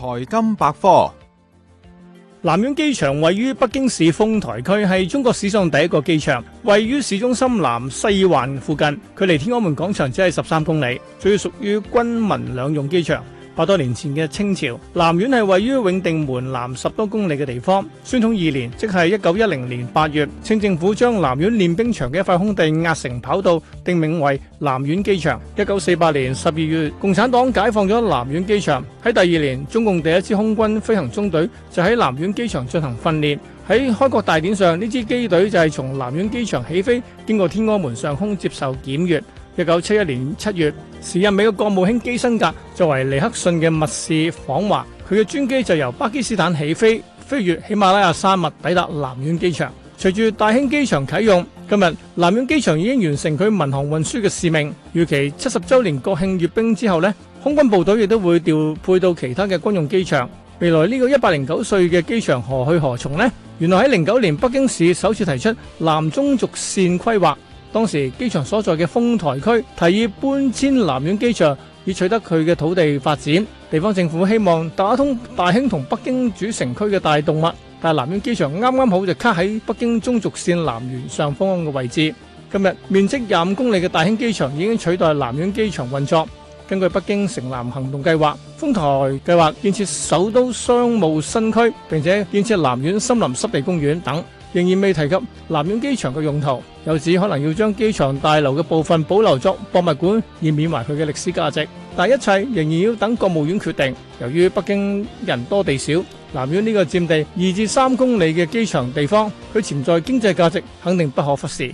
財金百科，南苑機場位於北京市豐台區，係中國史上第一個機場，位於市中心南四環附近，距離天安門廣場只係十三公里，最屬於軍民兩用機場。百多年前嘅清朝，南苑係位於永定門南十多公里嘅地方。宣統二年，即係一九一零年八月，清政府將南苑練兵場嘅一塊空地壓成跑道，定名為南苑機場。一九四八年十二月，共產黨解放咗南苑機場。喺第二年，中共第一支空軍飛行中隊就喺南苑機場進行訓練。喺開國大典上，呢支機隊就係從南苑機場起飛，經過天安門上空接受檢閱。一九七一年七月，時任美國國務卿基辛格作為尼克遜嘅密使訪華，佢嘅專機就由巴基斯坦起飛，飛越喜馬拉雅山脈抵達南苑機場。隨住大興機場啟用，今日南苑機場已經完成佢民航運輸嘅使命。預期七十周年國慶閱兵之後呢，空軍部隊亦都會調配到其他嘅軍用機場。未來呢個一百零九歲嘅機場何去何從呢？原來喺零九年北京市首次提出南中軸線規劃。當時機場所在嘅豐台區提議搬遷南苑機場，以取得佢嘅土地發展。地方政府希望打通大興同北京主城區嘅大動脈，但係南苑機場啱啱好就卡喺北京中軸線南緣上方嘅位置。今日面積廿五公里嘅大興機場已經取代南苑機場運作。根據北京城南行動計劃，豐台計劃建設首都商務新區，並且建設南苑森林濕地公園等。仍然未提及南苑機場嘅用途，有指可能要將機場大樓嘅部分保留作博物館，以緬懷佢嘅歷史價值。但一切仍然要等國務院決定。由於北京人多地少，南苑呢個佔地二至三公里嘅機場地方，佢潛在經濟價值肯定不可忽視。